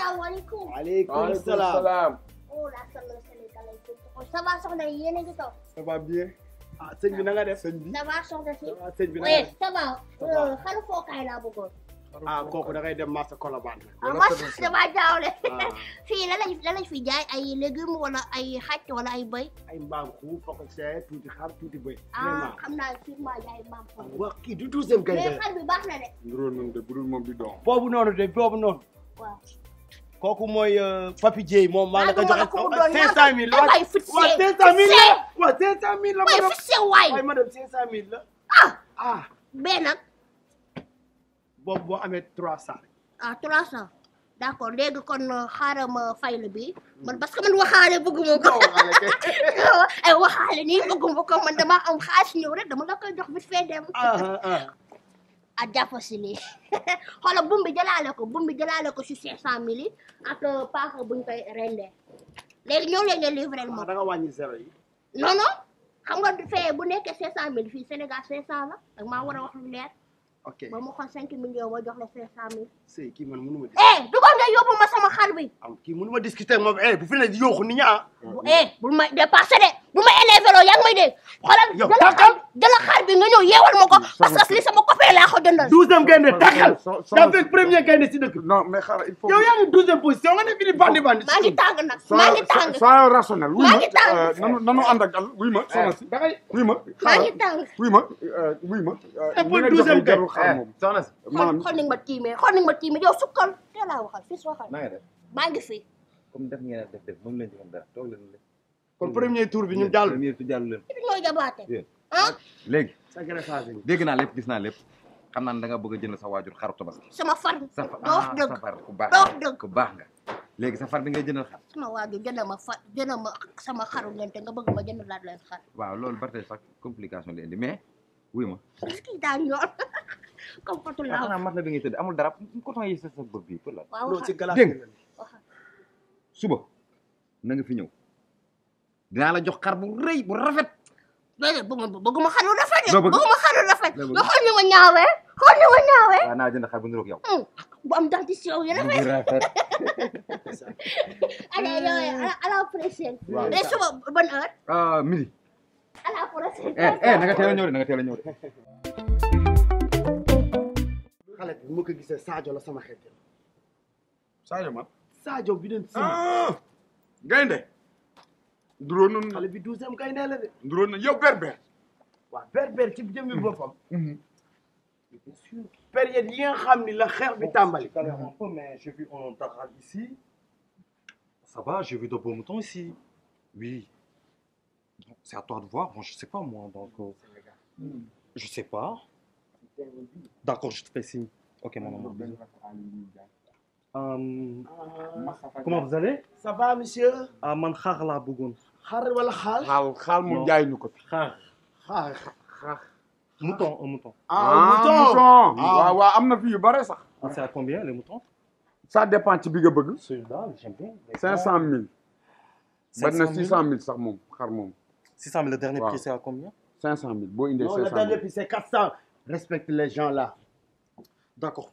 salaamaaleykum. waaleykum salaam. oh la salaam asalaamaaleykum. ça va soxna yéen a ngi toog. ça va bien. ah sëñ bi na nga def. sëñ bi ça va soxna si. sëñ bi na nga def ça va. xaru fookaay laa bëggoon. ah kooku da ngay dem marché Colobane. ah marché damaa jaawle. fii lan lañ lan lañ fi jaay ay légumes wala ay xaj wala ay bëy. ay mbaam-xuux foog see tuuti xar tuuti bëy. ah xam naa sûrement jaay mbaam-xuux. waa kii du tuuti seen. mais xar bi baax na de. nduróo noonu de budul moom di doon. boobu noonu de boobu noonu. waaw. kooku mooy euh, Papi Dieye moom maa jox ko joxe cinq cent mille la waaw cinq cent mille la waaw ah ah bee nag boo amee trois cent ah trois cent d'accord léegi kon euh, xaaral ma fay la bi hmm. man parce que man waxaale bëgguma ko ay eh, waxaale nii bëgguma ko man dama am xaalis ñëw rek dama la koy jox bi fee dem ah, ah, ah. a jàppa si nii xoolal bum ko bum bi ko si cinq cent mille yi ak paaka buñ koy rendee léegi ñëw leen nga livré ma ah, da nga wàññi zéro yi non non xam nga fee bu nekkee cinq cent mille fii Sénégal cinq cent la ak maa war a wax lu leer ok ba mu xool cinq millions ma jox la cinq cent mille sëy eh dugal nga yóbbu ma sama xar bi am ah, kii mënu ma eh bu fi ne di yooxu nit ñi ah. eh, bu ma dépassé de yow yaa ngi may dégg. xoolal dala xaar bi nga ñëw yeewal ma ko parce que li sama copain laa ko jëndal. douzième gaynde takkal. a fekk premier gaynde si dëkk. non mais xaaral il faut yaa ngi douzième position nga ne fii di bandi bandi. maa ngi tàng nag maa ngi tàng. soyez rationnel. maa ngi tàng euh, nanu nanu ànd ak ma soxna si. Eh, wuy ma maa ngi tàng wuy ma euh, wuy ma. Euh, eh, li eh, nga ma tiimee yow sukkal teel a waxal fii su waxal. ngi fi. comme def ngeen def kon premier tour bi ñu jàll. premier jàll leen. looy jabaate. ah léegi. dégg naa lépp gis naa lépp. xam naa ne da nga bëgg a jënd sa waajur xaru tabaski. sama far ah, sa far ku baax nga ku baax nga. léegi sa far bi ngay jëndal xar. sama waajur jënd ma fa sama xaru leen te nga bëgg ma jënd laat leen xar. waaw loolu ba tey sax complication la indi mais ma. est-ce que daa ñor comme potu laaw. mat la ah, bi ngay tëdd amul dara coton yi sa sa bopp bi pour la. waaw dégg suba na nga fi ñëw. dinaa la jox xar bu rëy bu rafet. déedéet bëgguma xar lu rafet de. bëgguma xar lu rafet. nga xool ni ma ñaawee xool ni ma ñaawee. waaw naa jënd xar bu niroog yow. Hmm, bu am dentition yu rafet. rafet. allez yooyu à la prochaine. waaw mais suba bonne heure. ah midi. à la prochaine. eh eh na nga teel a ñëw de na nga teel a ñëw de. xale bi ma ko gisee Sadio la sama xeet. Sadio man. Sadio bi leen si. Ah, gaynde nduróon nañu bi douzième kay nee la de. nduróon nañu berber. berber ci jëmmi boppam. Mm-hmm. Mm-hmm. période yi nga xam ni la xeex bi tàmbali. mais j'ai vu un tarab ici. vu de beaux ici. oui. c'est à toi de voir bon je sais pas moi donc. Euh, je sais pas. d'accord je te fais signe. Euh, euh, comment vous allez. ça va monsieur. ah man xaar laa bëggoon. xaar wala xaal. xaal xaal moom jaay ñu ko fi. xaar xaar xaar. mouton un mouton. ah, ah mouton ah. waaw waaw am na fii yu bare sax. Ah, c'est à combien les moutons. ça dépend ci bi nga bëgg. celui-là j'aime bien. 500000. 500000 ba na 600000 sax moom xar moom. 600000 le dernier prix c'est à combien. 500000 boo indee 500000 non le dernier prix c'est 400. respecte les gens là d'accord.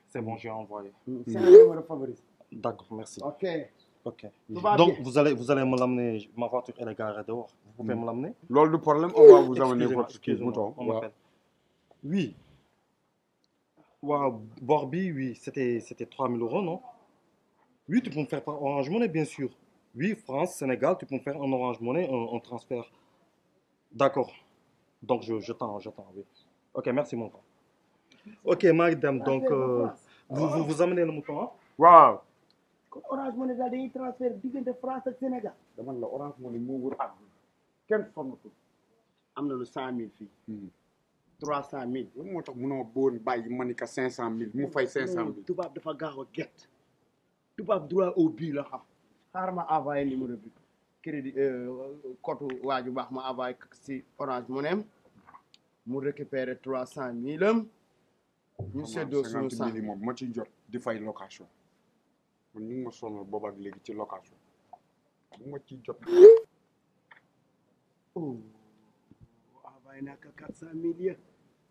C'est bon, j'ai envoyé. C'est un numéro favori. D'accord, Donc, vous allez, me l'amener. Ma voiture, elle est garée dehors. Vous pouvez hmm. me l'amener Lors du problème, vous amener votre mouton. On m'appelle. Oui. Wow, oui, c'était 3000 euros, Oui, tu peux faire par Orange Money, bien sûr. Oui, France, Sénégal, tu peux faire en Orange Money, en, transfert. D'accord. Donc, je, Ok, merci, ok maa ngi donc euh, vous vous vous amenez le mouton waaw. kon orange money daal dañuy transfert diggante France ak Sénégal. dama la orange money moo wër ak kenn sonnatul am na lu cent mille fii. Hmm. trois cent mille. loolu moo tax munoo ma ni ka cinq cent mille mu fay cinq hmm, tubaab dafa gaaw a tubaab droit au but la xam. xaaral ma envoyé numéro bi crédit kottu euh, waaju baax ma envoyé si orange mu ne mu récupéré trois cent mille mu seddoo suñu moom ma ci jot di fay location mu ñu ngi ma booba ak léegi ci location bu ci jot oh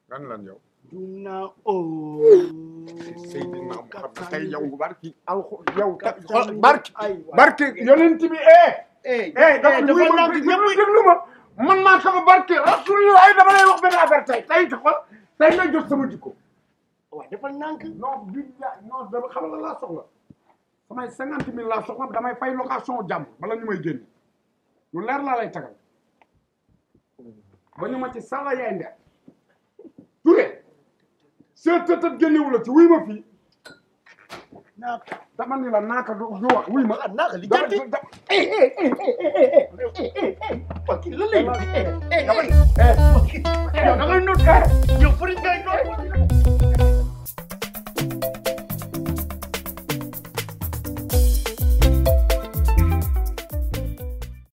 lan lan yow dum naa oh barki alxu yow barki barki yonent bi eh eh, eh, eh dafa déglu ma man maa sama barki rasulullah dama lay wax benn affaire tey tey xool tey nga jot sama jikko waaw dafa nànk. non du non dama xam la laa soxla samay cinquante mille laa soxla damay fay location jàmm bala ñu may génn lu leer laa lay tagal ba ñu ma ci sala yaay ndeer Touré seet tëtët génnewu la ci ma fii